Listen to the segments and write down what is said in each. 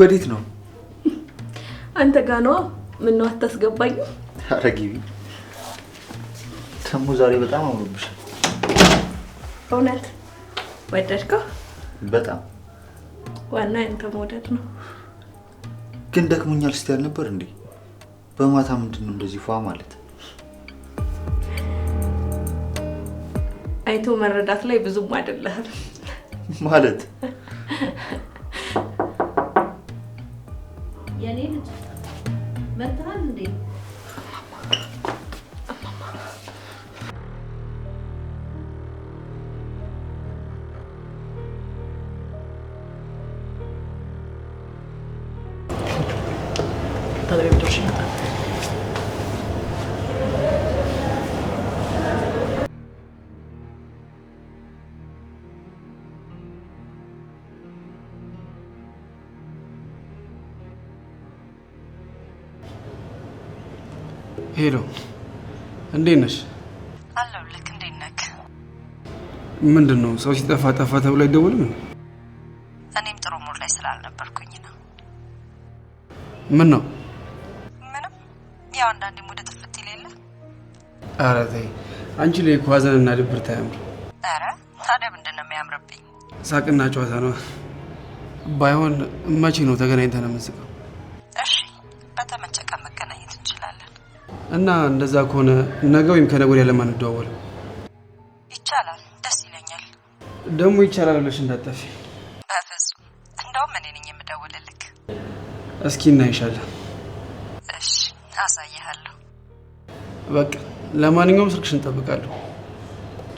ወዴት ነው? አንተ ጋ ነዋ። ምነው አታስገባኝም? ኧረ ግቢ። ደግሞ ዛሬ በጣም አምሮብሻል። እውነት ወደድከው? በጣም ዋና ያንተ መውደድ ነው። ግን ደክሞኛል ስትይ አልነበር እንዴ? በማታ ምንድን ነው እንደዚህ ፏ ማለት? አይቶ መረዳት ላይ ብዙም አይደለህም ማለት የኔ ልጅ መጥተሃል እንዴ? ተደረብቶሽ ይመጣል ሄሎ፣ እንዴት ነሽ? አለሁልህ። እንዴት ነህ? ምንድን ነው ሰው ሲጠፋ ጠፋ ተብሎ አይደወልም? እኔም ጥሩ ሙር ላይ ስላልነበርኩኝ ነው። ምን ነው? ምንም፣ ያው አንዳንዴ ሙድ ጥፍት ይሌለ። አረ ተይ አንቺ ላይ እኮ ሀዘንና ድብርት አያምርም። አረ ታዲያ ምንድን ነው የሚያምርብኝ? ሳቅና ጨዋታ ነው። ባይሆን መቼ ነው ተገናኝተን የምንስቀው? እና እንደዛ ከሆነ ነገ ወይም ከነገ ወዲያ ለማንደዋወል ይቻላል። ደስ ይለኛል። ደግሞ ይቻላል ብለሽ እንዳጠፊ በፍጹም። እንደውም እኔ ነኝ የምደውልልክ። እስኪ እናይሻለን። እሺ፣ አሳይሃለሁ። በቃ ለማንኛውም ስልክሽ እንጠብቃለሁ።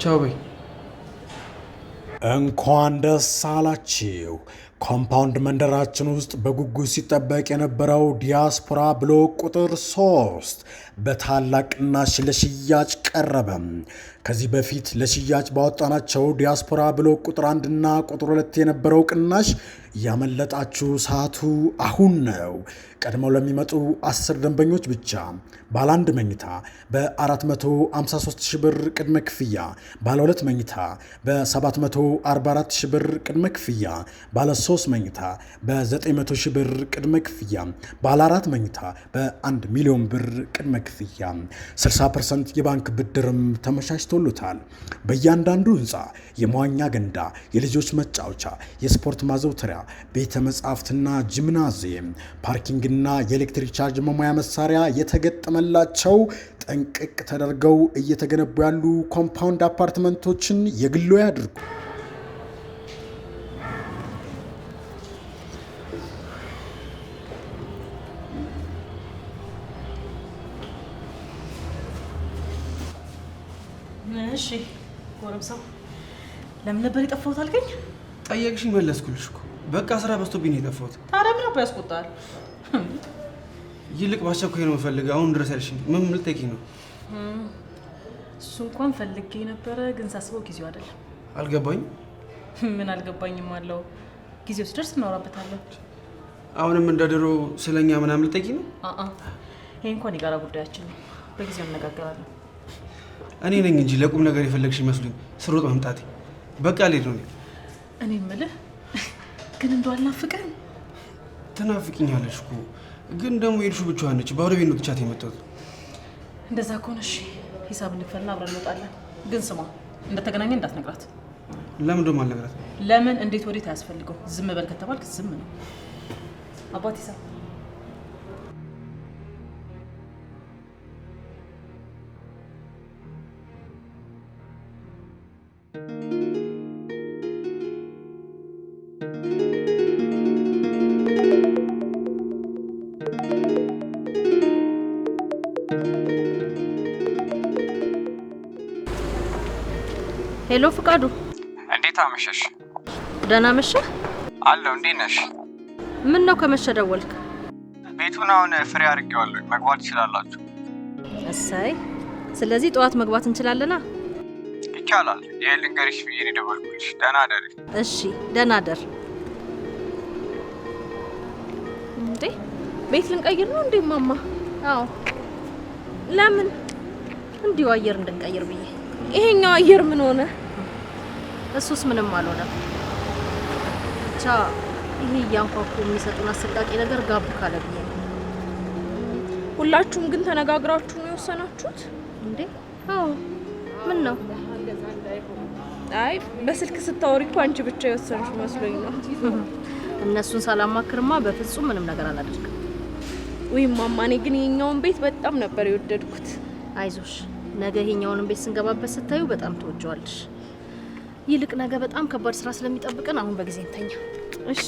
ቻው በይ። እንኳን ደስ አላችሁ። ኮምፓውንድ መንደራችን ውስጥ በጉጉት ሲጠበቅ የነበረው ዲያስፖራ ብሎክ ቁጥር ሶስት በታላቅ ቅናሽ ለሽያጭ ቀረበ። ከዚህ በፊት ለሽያጭ ባወጣናቸው ዲያስፖራ ብሎ ቁጥር አንድና ቁጥር ሁለት የነበረው ቅናሽ ያመለጣችሁ ሰዓቱ አሁን ነው። ቀድመው ለሚመጡ አስር ደንበኞች ብቻ ባለ አንድ መኝታ በ453 ሺህ ብር ቅድመ ክፍያ፣ ባለ ሁለት መኝታ በ744 ሺህ ብር ቅድመ ክፍያ፣ ባለ ሶስት መኝታ በ900 ሺህ ብር ቅድመ ክፍያ፣ ባለ አራት መኝታ በ1 ሚሊዮን ብር ቅድመ ክፍያ 60 የባንክ ብድርም ተመቻችቶሎታል። በእያንዳንዱ ህንፃ የመዋኛ ገንዳ፣ የልጆች መጫወቻ፣ የስፖርት ማዘውተሪያ፣ ቤተ መጻሕፍትና ጂምናዚየም፣ ፓርኪንግና የኤሌክትሪክ ቻርጅ መሙያ መሳሪያ የተገጠመላቸው ጠንቅቅ ተደርገው እየተገነቡ ያሉ ኮምፓውንድ አፓርትመንቶችን የግሎ ያድርጉ። እሺ ጎረምሳው ለምን ነበር የጠፋሁት አልከኝ? ጠየቅሽኝ መለስኩልሽ እኮ በቃ ስራ በዝቶብኝ ነው የጠፋሁት። ታዲያ ምን አባ ያስቆጣል? ይልቅ ባስቸኳይ ነው የምፈልገው አሁን ድረስ ያልሽኝ ምን ልጠይቂኝ ነው? እሱ እንኳን ፈልጌ ነበረ ግን ሳስበው ጊዜው አይደለም። አልገባኝም። ምን አልገባኝም አለው? ጊዜው ሲደርስ እናወራበታለን። አሁንም እንደድሮ ስለኛ ምናምን ልጠይቂኝ ነው? ይሄ እንኳን የጋራ ጉዳያችን ነው። በጊዜው እነጋገራለን። እኔ ነኝ እንጂ ለቁም ነገር የፈለግሽ ይመስሉኝ ስሮጥ መምጣቴ። በቃ ልሄድ ነው። እኔ የምልህ ግን እንደው አልናፍቀን? ትናፍቅኛለሽ እኮ ግን ደግሞ የድሹ ብቻዋን ነች። ባዶ ቤት ነው ትቻት የመጣሁት። እንደዛ ከሆነ እሺ፣ ሂሳብ እንክፈልና አብረን እንወጣለን። ግን ስማ፣ እንደተገናኘ እንዳትነግራት። ለምን ደሞ አልነግራት? ለምን እንዴት ወዴት አያስፈልገው። ዝም በል ከተባልክ ዝም ነው አባት ሂሳብ ሄሎ ፍቃዱ፣ እንዴት አመሸሽ? ደህና መሸህ? አለሁ። እንዴት ነሽ? ምን ነው ከመሸ ደወልክ? ቤቱን አሁን ፍሬ አድርጌዋለሁ፣ መግባት ትችላላችሁ። እሰይ። ስለዚህ ጠዋት መግባት እንችላለና? ይቻላል። ይሄ ልንገርሽ ብዬ ነው የደወልኩልሽ። ደህና ደር። እሺ፣ ደህና ደር። እንዴ ቤት ልንቀይር ነው እንዴ ማማ? አዎ። ለምን? እንዲሁ አየር እንድንቀይር ብዬ። ይሄኛው አየር ምን ሆነ? እሱስ ምንም አልሆነም። ብቻ ይሄ እያንኳኩ የሚሰጡን አሰቃቂ ነገር ጋብ ካለ ብዬ ነው። ሁላችሁም ግን ተነጋግራችሁ ነው የወሰናችሁት እንዴ? አዎ። ምን ነው? አይ በስልክ ስታወሪ እኮ አንቺ ብቻ የወሰንሽ መስሎኝ ነው። እነሱን ሳላማክርማ በፍጹም ምንም ነገር አላደርግም። ወይ ማማ፣ እኔ ግን የኛውን ቤት በጣም ነበር የወደድኩት። አይዞሽ፣ ነገ ይሄኛውንም ቤት ስንገባበት ስታዩ በጣም ትወጂዋለሽ። ይልቅ ነገ በጣም ከባድ ስራ ስለሚጠብቀን አሁን በጊዜ እንተኛ። እሺ።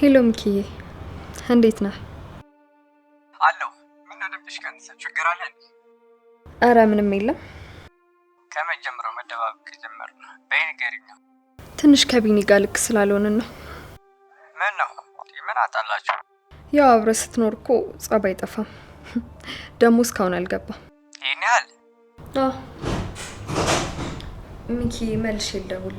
ሄሎ ሚኪዬ፣ እንዴት ነህ? አለሁ። ምነው ድምፅሽ ቀንሰ? ችግር አለ? ኧረ ምንም የለም። ከመጀመሪያው መደባበቅ ጀመርን። በይ ንገሪኝ ትንሽ ከቢኒ ጋር ልክ ስላልሆንን ነው። ምን ነው ምን አጣላችሁ? ያው አብረ ስትኖር እኮ ጸብ አይጠፋም። ደግሞ እስካሁን አልገባም። ይህን ያህል ሚኪ መልሽ የለውል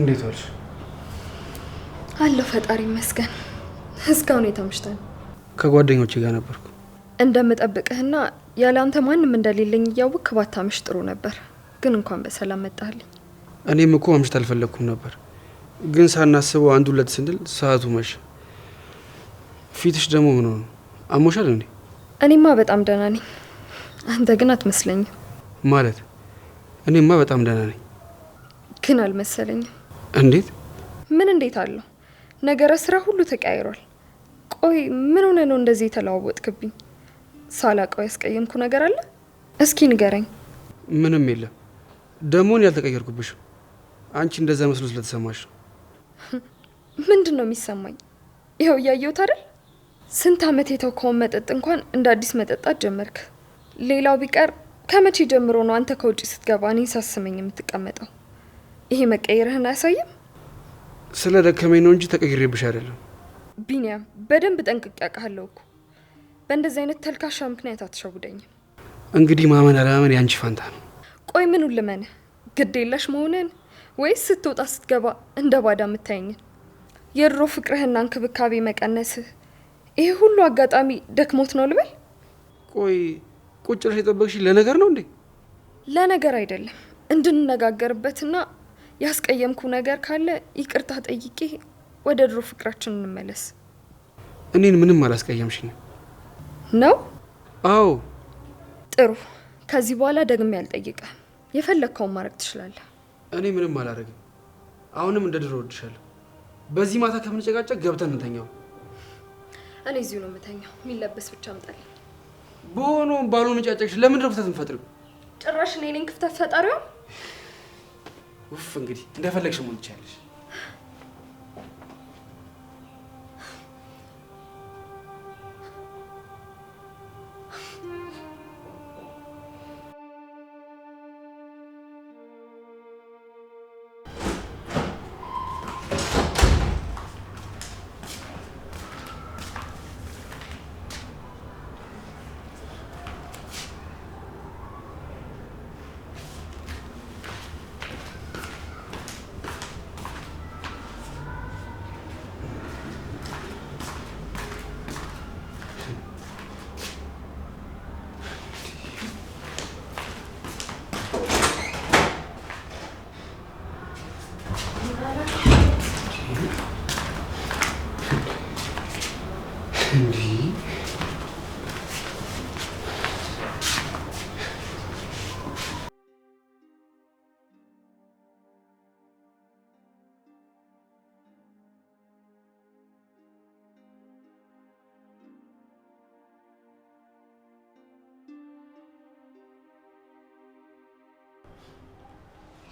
እንዴት ዋልሽ? አለው ፈጣሪ ይመስገን። እስካሁን የታምሽታ ከጓደኞች ጋር ነበርኩ። እንደምጠብቅህና ያለ አንተ ማንም እንደሌለኝ እያወቅክ ባታምሽ ጥሩ ነበር። ግን እንኳን በሰላም መጣልኝ። እኔም እኮ አምሽት አልፈለግኩም ነበር፣ ግን ሳናስበው አንድ ሁለት ስንል ሰዓቱ መሸ። ፊትሽ ደግሞ ምን ሆነ? አሞሻል እንዴ? እኔማ በጣም ደህና ነኝ። አንተ ግን አትመስለኝም። ማለት እኔማ በጣም ደህና ነኝ፣ ግን አልመሰለኝም። እንዴት? ምን እንዴት አለው ነገረ ስራ ሁሉ ተቀያይሯል። ቆይ ምን ሆነ ነው እንደዚህ የተለዋወጥክብኝ? ሳላቀው ያስቀየምኩ ነገር አለ? እስኪ ንገረኝ። ምንም የለም። ደሞን ያልተቀየርኩብሽ አንቺ እንደዛ መስሎ ስለተሰማሽ ነው። ምንድን ነው የሚሰማኝ? ይኸው እያየሁት አይደል? ስንት ዓመት የተውከውን መጠጥ እንኳን እንደ አዲስ መጠጣት ጀመርክ። ሌላው ቢቀር ከመቼ ጀምሮ ነው አንተ ከውጭ ስትገባ እኔ ሳስመኝ የምትቀመጠው? ይሄ መቀየርህን አያሳይም? ስለ ደከመኝ ነው እንጂ ተቀይሬብሽ አይደለም። ቢኒያም በደንብ ጠንቅቄ አውቃለሁ እኮ በእንደዚህ አይነት ተልካሻ ምክንያት አትሸውደኝም። እንግዲህ ማመን አለማመን ያንቺ ፋንታ ነው። ቆይ ምኑን ልመን ግድ የለሽ መሆንን ወይስ ስትወጣ ስትገባ እንደ ባዳ የምታየኝን የድሮ ፍቅርህና እንክብካቤ መቀነስህ ይሄ ሁሉ አጋጣሚ ደክሞት ነው ልበል? ቆይ ቁጭ ብለሽ የጠበቅሽ ለነገር ነው እንዴ? ለነገር አይደለም እንድንነጋገርበትና ያስቀየምኩ ነገር ካለ ይቅርታ ጠይቄ ወደ ድሮ ፍቅራችን እንመለስ። እኔን ምንም አላስቀየምሽኝ ነው? አዎ። ጥሩ። ከዚህ በኋላ ደግሜ አልጠይቀም። የፈለግከውን ማድረግ ትችላለህ። እኔ ምንም አላደርግም። አሁንም እንደ ድሮ እወድሻለሁ። በዚህ ማታ ከምንጨቃጨቅ ገብተን እንተኛው። እኔ እዚሁ ነው የምተኛው። የሚለበስ ብቻ አምጣልኝ። በሆነውም ባልሆነ ጫጨቅሽ ለምንድን ነው ክፍተት የምፈጥሪው? ጭራሽ እኔ ነኝ ክፍተት ፈጣሪው። ውፍ እንግዲህ እንደፈለግሽ መሆን ትችያለሽ።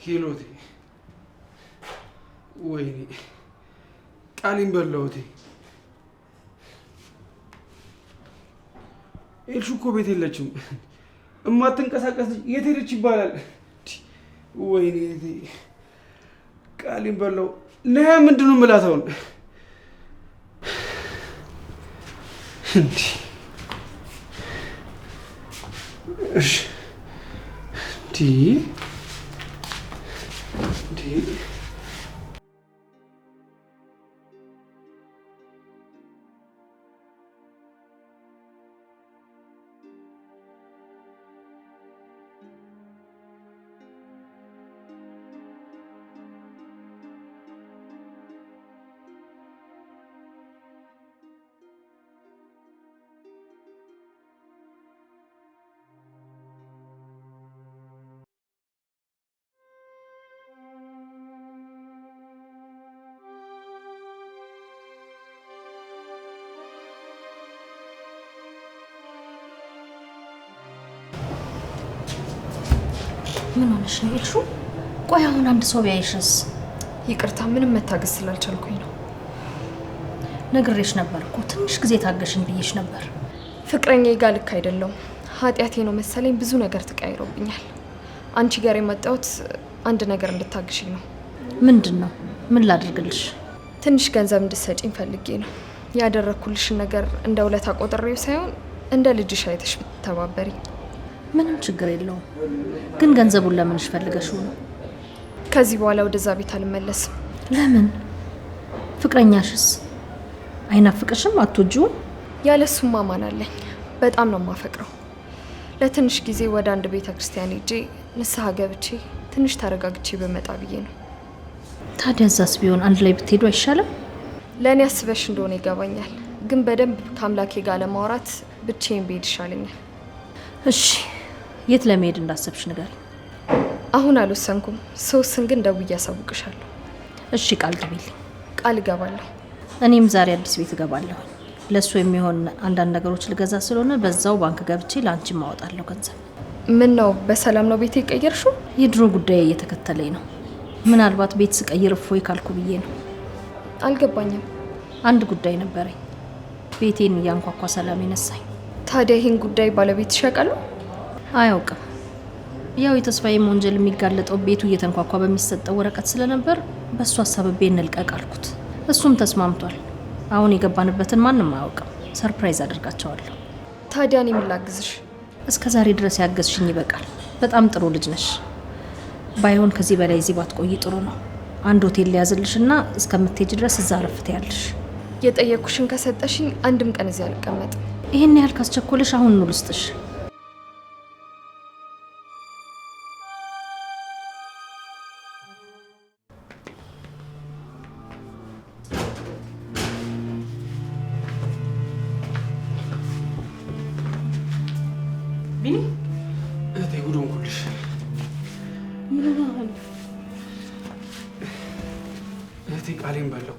ሄሎቴ ወይኔ ቃሊን በላሁቴ። ኤልሹ እኮ ቤት የለችም። እማትንቀሳቀስ የት ሄደች ይባላል። ወይኔ ቃሊን በላሁ። ነያ ምንድን ነው የምላት እንዲህ Do you, ምን ሆነሽ ነው ቆይ አሁን አንድ ሰው ቢያይሽስ? ይቅርታ፣ ምንም መታገስ ስላልቻልኩኝ ነው። ነግሬሽ ነበር እኮ ትንሽ ጊዜ ታገሽኝ ብዬሽ ነበር። ፍቅረኛ ጋር ልክ አይደለሁም። ኃጢአቴ ነው መሰለኝ። ብዙ ነገር ተቀያይሮብኛል። አንቺ ጋር የመጣሁት አንድ ነገር እንድታግሽኝ ነው። ምንድን ነው? ምን ላድርግልሽ? ትንሽ ገንዘብ እንድትሰጪኝ ፈልጌ ነው። ያደረግኩልሽን ነገር እንደ ውለታ ቆጥሬው ሳይሆን እንደ ልጅሽ አይተሽ ብትተባበሪኝ ምንም ችግር የለውም። ግን ገንዘቡን ለምን ፈልገሽው ነው? ከዚህ በኋላ ወደዛ ቤት አልመለስም። ለምን? ፍቅረኛሽስ አይናፍቅሽም? አትወጂውም? ያለሱማ ማን አለኝ? በጣም ነው የማፈቅረው። ለትንሽ ጊዜ ወደ አንድ ቤተ ክርስቲያን ሄጄ ንስሐ ገብቼ ትንሽ ተረጋግቼ በመጣ ብዬ ነው። ታዲያ እዛስ ቢሆን አንድ ላይ ብትሄዱ አይሻልም? ለእኔ አስበሽ እንደሆነ ይገባኛል፣ ግን በደንብ ከአምላኬ ጋር ለማውራት ብቼን ብሄድ ይሻለኛል። እሺ የት ለመሄድ እንዳሰብሽ ንገሪ። አሁን አልወሰንኩም። ሰውስን ግን ደውዬ አሳውቅሻለሁ። እሺ፣ ቃል ግቢልኝ። ቃል እገባለሁ። እኔም ዛሬ አዲስ ቤት እገባለሁ። ለእሱ የሚሆን አንዳንድ ነገሮች ልገዛ ስለሆነ በዛው ባንክ ገብቼ ለአንቺ ማወጣለሁ ገንዘብ። ምን ነው በሰላም ነው ቤት የቀየርሽው? የድሮ ጉዳይ እየተከተለኝ ነው። ምናልባት ቤት ስቀይር እፎይ ካልኩ ብዬ ነው። አልገባኝም። አንድ ጉዳይ ነበረኝ። ቤቴን እያንኳኳ ሰላም ይነሳኝ። ታዲያ ይህን ጉዳይ ባለቤት ያውቃሉ? አያውቅም። ያው የተስፋዬም ወንጀል የሚጋለጠው ቤቱ እየተንኳኳ በሚሰጠው ወረቀት ስለነበር በእሱ አሳብቤ ቤት እንልቀቅ አልኩት። እሱም ተስማምቷል። አሁን የገባንበትን ማንም አያውቅም። ሰርፕራይዝ አድርጋቸዋለሁ። ታዲያ እኔ ምን ላግዝሽ? እስከ ዛሬ ድረስ ያገዝሽኝ ይበቃል። በጣም ጥሩ ልጅ ነሽ። ባይሆን ከዚህ በላይ እዚህ ባትቆይ ጥሩ ነው። አንድ ሆቴል ሊያዝልሽ እና እስከምትሄጅ ድረስ እዛ ረፍት ያልሽ። የጠየኩሽን ከሰጠሽኝ አንድም ቀን እዚህ አልቀመጥም። ይህን ያህል ካስቸኮልሽ አሁን ኑ ልስጥሽ። ቃሌን በለው።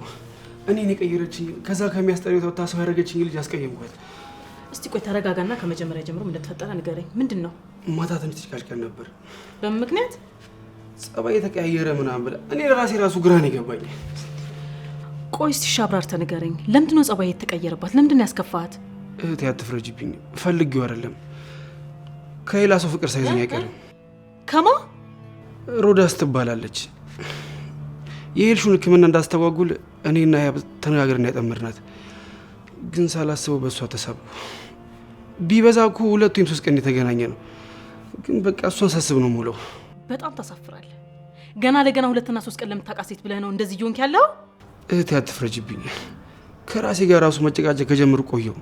እኔን የቀየረችኝ ከዛ ከሚያስጠሪው ተታሰው ያደረገችኝ ልጅ ያስቀየምኳት። እስቲ ቆይ ተረጋጋና ከመጀመሪያ ጀምሮ እንደተፈጠረ ንገረኝ። ምንድን ነው? ማታ ተንጨቃጭቀን ነበር። በምን ምክንያት? ጸባይ የተቀያየረ ምናምን ብላ እኔ ለራሴ ራሱ ግራን ይገባኝ። ቆይ እስቲ አብራርተህ ንገረኝ። ለምንድን ነው ጸባይ የተቀየረባት? ለምንድን ነው ያስከፋት? እህቴ አትፍረጅብኝ። ፈልጌው አይደለም ከሌላ ሰው ፍቅር ሳይዘኝ አይቀርም። ከማ ሮዳስ ትባላለች። የሄድሽውን ሕክምና እንዳስተጓጉል እኔና ተነጋገር ተነጋግረን ያጠመድናት፣ ግን ሳላስበው በእሷ ተሳቡ። ቢበዛ እኮ ሁለት ወይም ሶስት ቀን የተገናኘ ነው። ግን በቃ እሷን ሳስብ ነው ሙለው። በጣም ታሳፍራል ገና ለገና ሁለትና ሶስት ቀን ለምታውቃት ሴት ብለህ ነው እንደዚህ እየሆንክ ያለው? እህቴ አትፍረጅብኝ። ከራሴ ጋር ራሱ መጨቃጨቅ ከጀምሩ ቆየው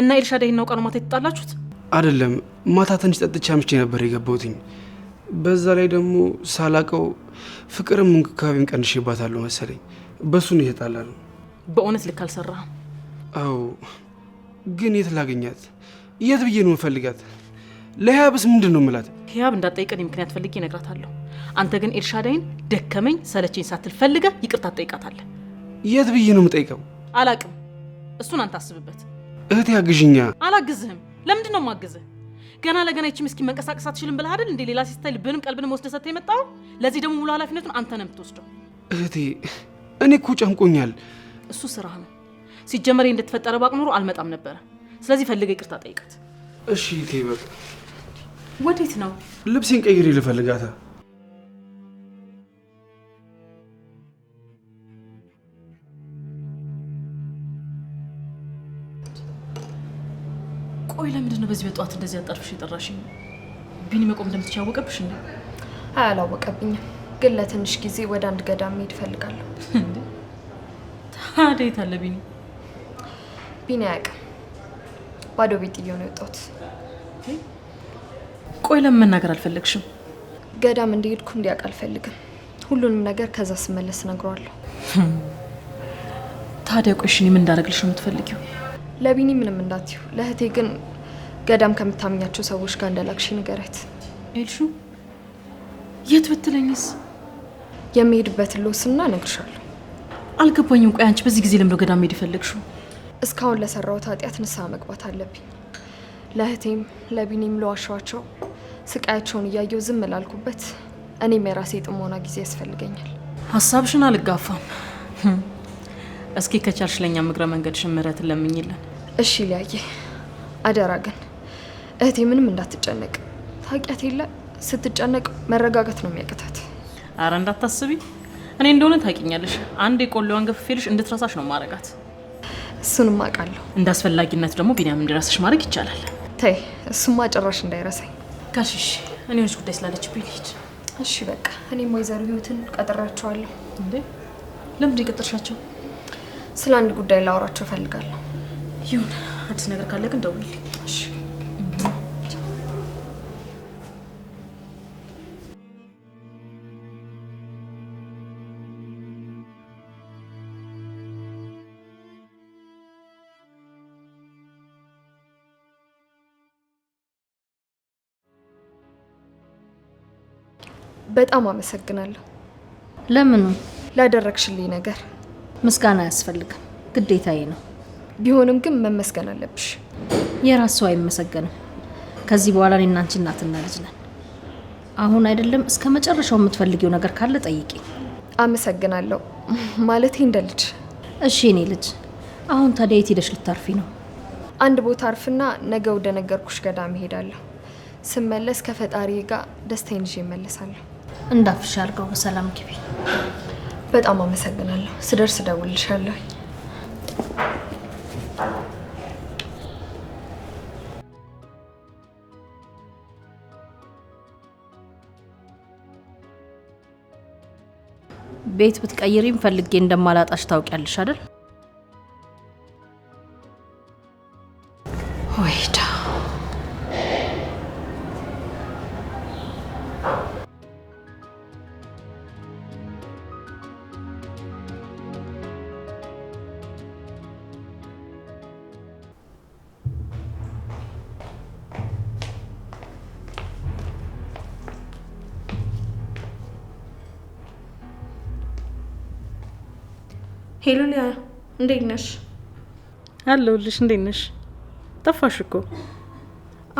እና ኤልሻዳይ እና ውቃ ነው ማታ የተጣላችሁት? አይደለም፣ ማታ ትንሽ ጠጥቼ አምሽቼ ነበር የገባሁትኝ። በዛ ላይ ደግሞ ሳላቀው ፍቅርም እንክብካቤን ቀንሼባታለሁ መሰለኝ። በእሱን እየጣላ በእውነት ልክ አልሰራህም። አዎ፣ ግን የት ላገኛት? የት ብዬ ነው ምፈልጋት ለህያብስ ምንድን ነው የምላት? ህያብ እንዳትጠይቀኝ ምክንያት ፈልጌ እነግራታለሁ። አንተ ግን ኤልሻዳይን ደከመኝ ሰለችኝ ሳትል ፈልገህ ይቅርታ ትጠይቃታለህ። የት ብዬ ነው የምጠይቀው? አላቅም። እሱን አንተ አስብበት። እህቴ አግዥኛ። አላግዝህም። ለምንድን ነው የማግዝህ? ገና ለገና ይቺ ምስኪን መንቀሳቀስ አትችልም ብለህ አይደል እንዴ ሌላ ሲስታይል ብንም ቀልብንም ወስደህ ሰጥተህ የመጣው? ለዚህ ደግሞ ሙሉ ኃላፊነቱን አንተ ነው የምትወስደው። እህቴ እኔ እኮ ጨንቆኛል። እሱ ስራ ነው። ሲጀመር እንደተፈጠረ ባቅ ኖሮ አልመጣም ነበረ። ስለዚህ ፈልገ ይቅርታ ጠይቃት። እሺ እህቴ። በቃ ወዴት ነው? ልብሴን ቀይሬ ልፈልጋታ ቆይ ለምንድን ነው በዚህ በጠዋት እንደዚህ አጣድፍሽ የጠራሽኝ? ቢኒ መቆም እንደምትች ያወቀብሽ እንዴ? አላወቀብኝም፣ ግን ለትንሽ ጊዜ ወደ አንድ ገዳም መሄድ እፈልጋለሁ። ታዲያ የት አለ ቢኒ? ቢኒ አያውቅም። ባዶ ቤት ጥዬው ነው የወጣሁት። ቆይ ለምን መናገር አልፈለግሽም? ገዳም እንደሄድኩ እንዲያውቅ አልፈልግም። ሁሉንም ነገር ከዛ ስመለስ ነግሯለሁ። ታዲያ ቆይ እሺ እኔ ምን እንዳደርግልሽ ነው የምትፈልጊው? ለቢኒ ምንም እንዳትዩ፣ ለእህቴ ግን ገዳም ከምታምኛቸው ሰዎች ጋር እንደላክሽ ንገረት። ኤልሹ የት ብትለኝስ? የሚሄድበትን ልወስንና እነግርሻለሁ። አልገባኝም። ቆይ አንቺ በዚህ ጊዜ ለምዶ ገዳም ሄድ ይፈልግሹ? እስካሁን ለሰራሁት ኃጢአት ንስሐ መግባት አለብኝ። ለእህቴም ለቢኒም ለዋሸዋቸው ስቃያቸውን እያየው ዝም ላልኩበት እኔም የራሴ የጥሞና ጊዜ ያስፈልገኛል። ሀሳብሽን አልጋፋም። እስኪ ከቻልሽ ለኛ ምግረ መንገድ ሽምረት ለምኝልን። እሺ ሊያየ አደራ ግን እህቴ ምንም እንዳትጨነቅ። ታውቂያት የለ ስትጨነቅ መረጋጋት ነው የሚያቅታት። አረ እንዳታስቢ፣ እኔ እንደሆነ ታውቂኛለሽ። አንድ የቆሎዋን ገፍፌልሽ እንድትረሳሽ ነው ማረጋት። እሱንም አውቃለሁ። እንደ አስፈላጊነት ደግሞ ቢኒያም እንዲረሳሽ ማድረግ ይቻላል። ተይ እሱማ ጭራሽ እንዳይረሳኝ። ጋሽሽ እኔ ሆነች ጉዳይ ስላለች ልሂድ። እሺ በቃ እኔም ወይዘሮ ህይወትን ቀጥራቸዋለሁ። እንዴ ለምንድ የቀጥርሻቸው? ስለ አንድ ጉዳይ ላወራቸው እፈልጋለሁ። ይሁን፣ አዲስ ነገር ካለ ግን ደውልልኝ። በጣም አመሰግናለሁ። ለምኑ? ላደረግሽልኝ ነገር ምስጋና አያስፈልግም፣ ግዴታዬ ነው። ቢሆንም ግን መመስገን አለብሽ። የራሱ አይመሰገንም። ከዚህ በኋላ እኔ እና እናትና ልጅ ነን። አሁን አይደለም እስከ መጨረሻው የምትፈልጊው ነገር ካለ ጠይቂ። አመሰግናለሁ ማለቴ እንደ ልጅ። እሺ እኔ ልጅ፣ አሁን ታዲያ የት ሄደሽ ልታርፊ ነው? አንድ ቦታ አርፍና ነገ ወደ ነገርኩሽ ገዳም እሄዳለሁ። ስመለስ ከፈጣሪ ጋር ደስታዬን ይዤ እመለሳለሁ። እንዳፍሽ አድርገው። በሰላም ግቢ። በጣም አመሰግናለሁ። ስደርስ እደውልልሻለሁ። ቤት ብትቀይሪም ፈልጌ እንደማላጣሽ ታውቂያለሽ አይደል? ሄሉን እንዴት ነሽ? አለሁልሽ። እንዴት ነሽ? ጠፋሽ እኮ።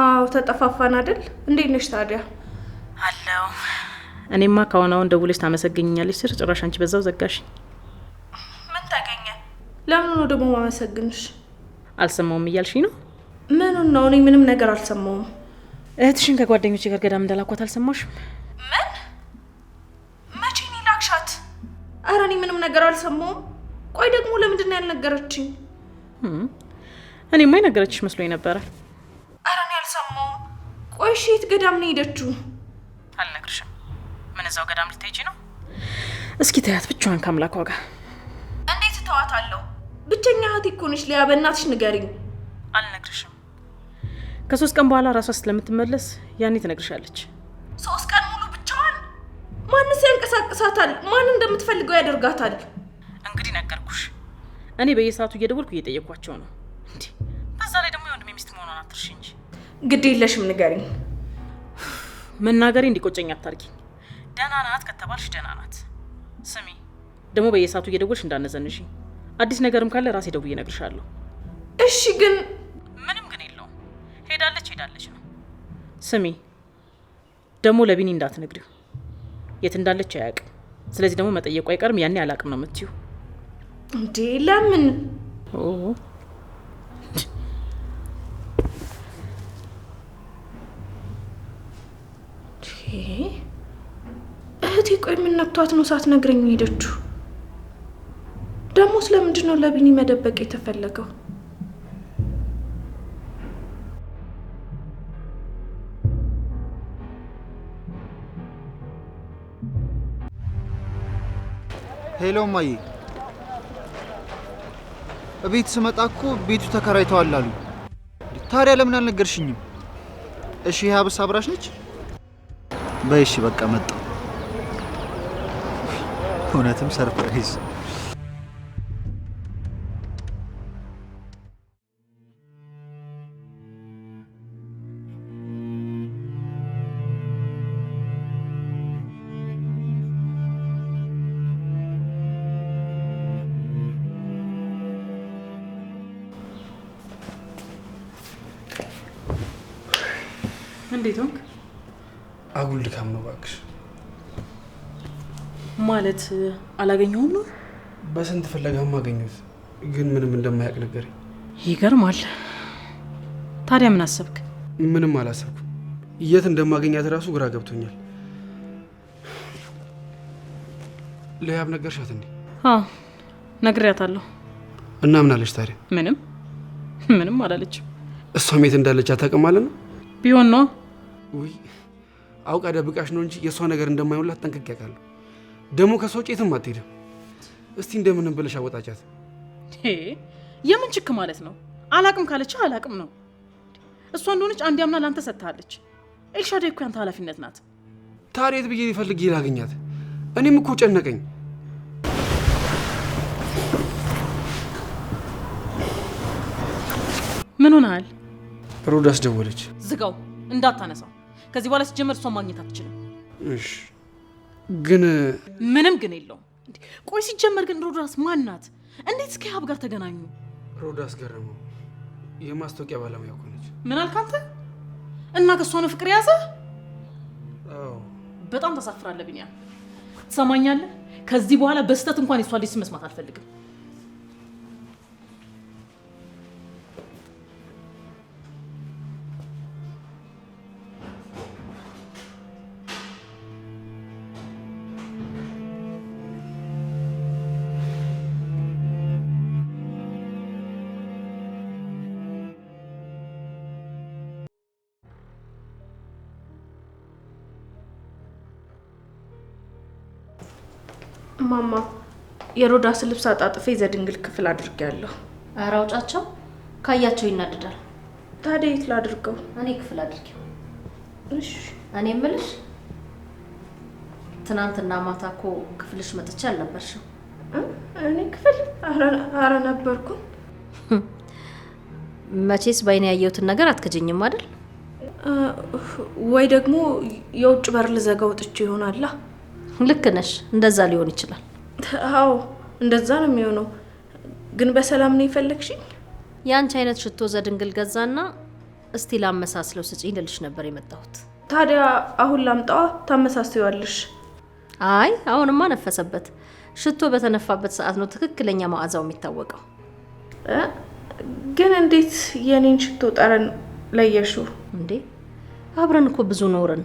አዎ ተጠፋፋን አይደል? እንዴት ነሽ ታዲያ? አለው። እኔማ ከአሁን አሁን ደውለሽ ታመሰግኝኛለሽ ስር ጭራሽ አንቺ በዛው ዘጋሽ። ምን ታገኘ? ለምን ነው ደግሞ ማመሰግንሽ? አልሰማውም እያልሽ ነው? ምኑን ነው? እኔ ምንም ነገር አልሰማውም። እህትሽን ከጓደኞች ጋር ገዳም እንዳላኳት አልሰማሽም? ምን? መቼ ላክሻት? አረ እኔ ምንም ነገር አልሰማውም። ቆይ ደግሞ ለምንድን ነው ያልነገረችኝ? እኔማ የነገረችሽ መስሎኝ ነበረ። ኧረ እኔ አልሰማሁም። ቆይ እሺ፣ የት ገዳም ነው የሄደችው? አልነግርሽም። ምን እዛው ገዳም ልትሄጂ ነው? እስኪ ተያት ብቻዋን ከአምላክ ዋጋ። እንዴት እተዋታለሁ? ብቸኛ እህቴ እኮ ነች። ሊያ፣ በእናትሽ ንገሪኝ። አልነግርሽም። ከሶስት ቀን በኋላ ራሷ ስለምትመለስ ያኔ ትነግርሻለች። ሶስት ቀን ሙሉ ብቻዋን? ማንስ ያንቀሳቅሳታል? ማን እንደምትፈልገው ያደርጋታል? እንግዲህ ነገርኩሽ። እኔ በየሰዓቱ እየደወልኩ እየጠየኳቸው ነው። እንዴ በዛ ላይ ደግሞ የወንድሜ ሚስት መሆኗን አትርሽ እንጂ። ግድ የለሽም ንገሪኝ። መናገሬ እንዲቆጨኝ አታርጊኝ። ደህና ናት ከተባልሽ ደህና ናት። ስሚ ደግሞ በየሰዓቱ እየደወልሽ እንዳነዘንሽ፣ አዲስ ነገርም ካለ ራሴ ደውዬ እነግርሻለሁ። እሺ። ግን ምንም ግን የለውም። ሄዳለች ሄዳለች ነው። ስሚ ደግሞ ለቢኒ እንዳትነግሪው የት እንዳለች አያውቅም። ስለዚህ ደግሞ መጠየቁ አይቀርም። ያኔ አላውቅም ነው የምትይው። እንዴ ለምን እህቴ ቆይ የምነክቷት ነው ሳትነግረኝ ሄደችው ደግሞ ስለምንድን ነው ለቢኒ መደበቅ የተፈለገው ሄሎ ማዬ ቤት ስመጣ እኮ ቤቱ ተከራይተዋል አሉ። ታዲያ ለምን አልነገርሽኝም? እሺ ሀብስ አብራሽ ነች። በእሺ በቃ መጣ። እውነትም ሰርፕራይዝ ድካም ነው እባክሽ። ማለት አላገኘሁም ነው? በስንት ፍለጋም አገኘሁት፣ ግን ምንም እንደማያውቅ ነገር። ይገርማል። ታዲያ ምን አሰብክ? ምንም አላሰብኩም። የት እንደማገኛት እራሱ ግራ ገብቶኛል። ለያብ ነገርሻት እንዴ? አዎ ነግሬያታለሁ። እና ምን አለች ታዲያ? ምንም ምንም አላለችም። እሷም የት እንዳለች አታውቅም ማለት ነው? ቢሆን ነው። ውይ አውቃ ደብቃሽ ነው እንጂ የእሷ ነገር እንደማይሆንላት ጠንቅቄ አውቃለሁ። ደግሞ ከእሷ ውጭ የትም አትሄድም። እስቲ እንደምንም ብለሽ አወጣቻት። የምን ችክ ማለት ነው? አላቅም ካለች አላቅም ነው። እሷ እንደሆነች አንድ ያምና ለአንተ ሰጥታለች። ኤልሻዳይ እኮ ያንተ ኃላፊነት ናት። ታሪት ብዬ ሊፈልግ ይላገኛት እኔም እኮ ጨነቀኝ። ምን ሆናል? ሮዳስ ደወለች። ዝጋው፣ እንዳታነሳው ከዚህ በኋላ ሲጀመር እሷን ማግኘት አትችልም። እሺ፣ ግን ምንም ግን የለውም። ቆይ ሲጀመር ግን ሮዳስ ማናት? እንዴት እስከ ሀብ ጋር ተገናኙ? ሮዳስ ገረመው የማስታወቂያ ባለሙያ እኮ ነች። ምን አልክ አንተ? እና ከእሷ ነው ፍቅር የያዘ? በጣም ታሳፍራለህ ቢኒያም። ትሰማኛለህ? ከዚህ በኋላ በስህተት እንኳን የሷ ልጅ መስማት አልፈልግም። የሮዳስ ልብስ አጣጥፌ ዘድንግል ክፍል አድርጌያለሁ። ኧረ አውጫቸው ካያቸው ይናደዳል። ታዲያ የት ላድርገው? እኔ ክፍል አድርጌው። እሺ እኔ እምልሽ ትናንትና ማታ እኮ ክፍልሽ መጥቼ አልነበርሽም። እኔ ክፍል አረ ነበርኩ። መቼስ ባይኔ ያየሁትን ነገር አትክጅኝም አይደል? ወይ ደግሞ የውጭ በር ልዘጋ ወጥቼ ይሆናላ። ልክ ነሽ፣ እንደዛ ሊሆን ይችላል። አዎ እንደዛ ነው የሚሆነው። ግን በሰላም ነው የፈለግሽኝ? የአንቺ አይነት ሽቶ ዘድንግል ገዛና እስቲ ላመሳስለው ስጪኝ ልልሽ ነበር የመጣሁት። ታዲያ አሁን ላምጣዋ ታመሳስዋለሽ? አይ አሁንማ ነፈሰበት። ሽቶ በተነፋበት ሰዓት ነው ትክክለኛ መዓዛው የሚታወቀው። ግን እንዴት የኔን ሽቶ ጠረን ለየሹ? እንዴ አብረን እኮ ብዙ ኖርን፣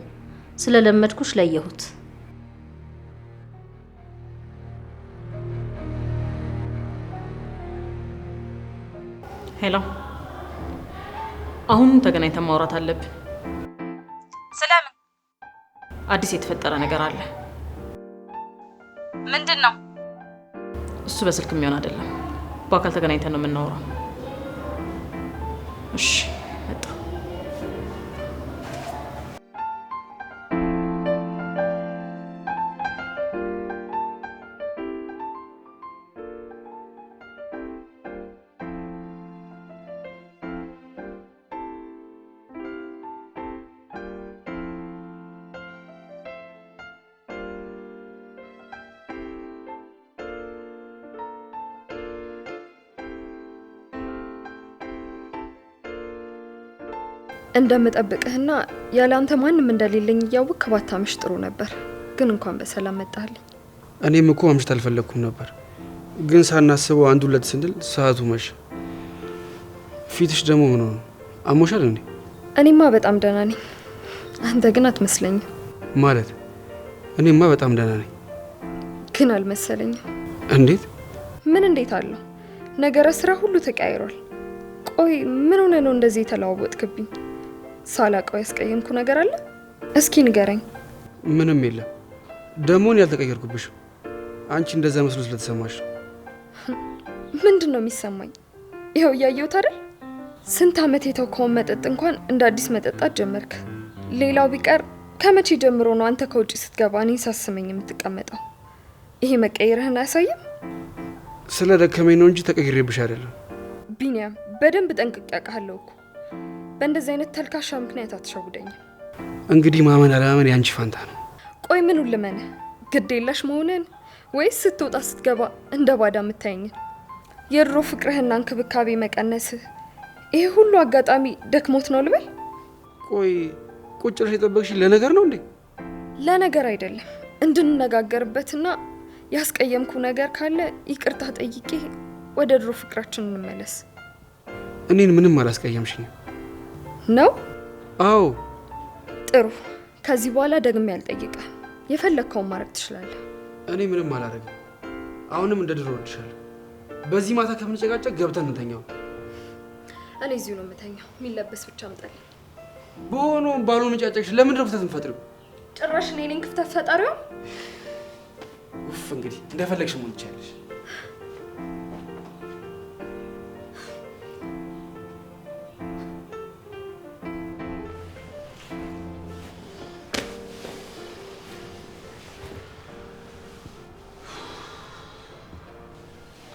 ስለለመድኩሽ ለየሁት። ሄላ፣ አሁን ተገናኝተን ማውራት አለብን። ስለምን? አዲስ የተፈጠረ ነገር አለ። ምንድን ነው እሱ? በስልክ የሚሆን አይደለም፣ በአካል ተገናኝተን ነው የምናወራው። እሺ፣ መጣ እንደምጠብቅህና ያለአንተ ማንም እንደሌለኝ እያወቅ ባታመሽ ጥሩ ነበር። ግን እንኳን በሰላም መጣልኝ። እኔም እኮ አምሽት አልፈለግኩም ነበር፣ ግን ሳናስበው አንድ ሁለት ስንል ሰዓቱ መሸ። ፊትሽ ደግሞ ምን ሆነ? አሞሻል እንዴ? እኔማ በጣም ደህና ነኝ። አንተ ግን አትመስለኝም። ማለት እኔማ በጣም ደህና ነኝ፣ ግን አልመሰለኝም። እንዴት? ምን እንዴት አለው? ነገረ ስራ ሁሉ ተቀያይሯል። ቆይ ምን ሆነ ነው እንደዚህ የተለዋወጥክብኝ? ሳላውቀው ያስቀየምኩ ነገር አለ? እስኪ ንገረኝ። ምንም የለም። ደሞን ያልተቀየርኩብሽ አንቺ እንደዛ መስሎ ስለተሰማሽ። ምንድን ነው የሚሰማኝ? ይኸው እያየሁት አይደል? ስንት ዓመት የተውከውን መጠጥ እንኳን እንደ አዲስ መጠጣት ጀመርክ። ሌላው ቢቀር ከመቼ ጀምሮ ነው አንተ ከውጭ ስትገባ እኔን ሳስመኝ የምትቀመጠው? ይሄ መቀየርህን አያሳይም? ስለ ደከመኝ ነው እንጂ ተቀይሬብሽ አይደለም። ቢኒያም፣ በደንብ ጠንቅቄ አውቃለሁ እኮ በእንደዚህ አይነት ተልካሻ ምክንያት አትሸውደኝም። እንግዲህ ማመን አለማመን ያንቺ ፋንታ ነው። ቆይ ምኑን ልመነ? ግድ የለሽ መሆንን ወይስ ስትወጣ ስትገባ እንደ ባዳ የምታየኝን? የድሮ ፍቅርህና እንክብካቤ መቀነስ ይሄ ሁሉ አጋጣሚ ደክሞት ነው ልበል? ቆይ ቁጭ ብለሽ የጠበቅሽ ለነገር ነው እንዴ? ለነገር አይደለም እንድንነጋገርበትና ያስቀየምኩ ነገር ካለ ይቅርታ ጠይቄ ወደ ድሮ ፍቅራችን እንመለስ። እኔን ምንም አላስቀየምሽኝ። ነው? አዎ። ጥሩ። ከዚህ በኋላ ደግሜ አልጠይቅም። የፈለግከውን ማድረግ ትችላለህ። እኔ ምንም አላደርግም። አሁንም እንደ ድሮ እወድሻለሁ። በዚህ ማታ ከምንጨቃጨቅ ገብተን እንተኛው። እኔ እዚሁ ነው የምተኛው። የሚለበስ ብቻ አምጣልኝ። በሆነውም ባሉ ጫጫሽ ለምንድን ነው ክፍተት የምትፈጥሪው? ጭራሽ እኔ ነኝ ክፍተት ፈጣሪው። ውፍ እንግዲህ እንደፈለግሽ መሆን ትችያለሽ።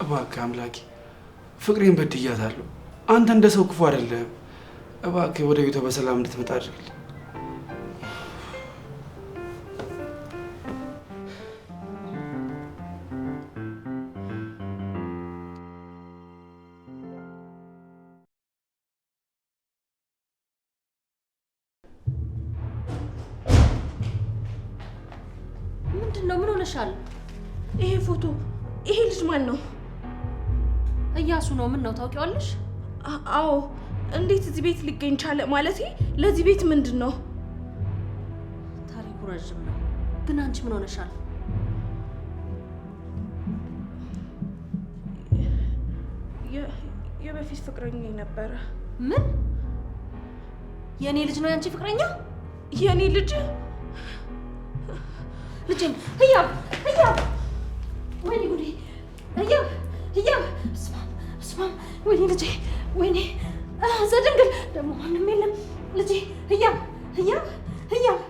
እባክህ አምላኬ ፍቅሬን በድያታለሁ። አንተ እንደ ሰው ክፉ አይደለም። እባክህ ወደ ቤቷ በሰላም እንድትመጣ አድርግልኝ። ነው ታውቂዋለሽ? አዎ። እንዴት እዚህ ቤት ሊገኝ ቻለ? ማለት ለዚህ ቤት ምንድን ነው? ታሪኩ ረዥም ነው፣ ግን አንቺ ምን ሆነሻል? የበፊት ፍቅረኛ ነበረ። ምን? የእኔ ልጅ ነው ያንቺ ፍቅረኛ? የእኔ ልጅ ልጅ ህያብ፣ ህያብ፣ ወይኔ ጉዴ! ህያብ፣ ህያብ ስማም፣ ወይኔ ልጄ፣ ወይኔ ዘድንግል ደግሞ ማንም የለም ልጄ። ህያብ ህያብ ህያብ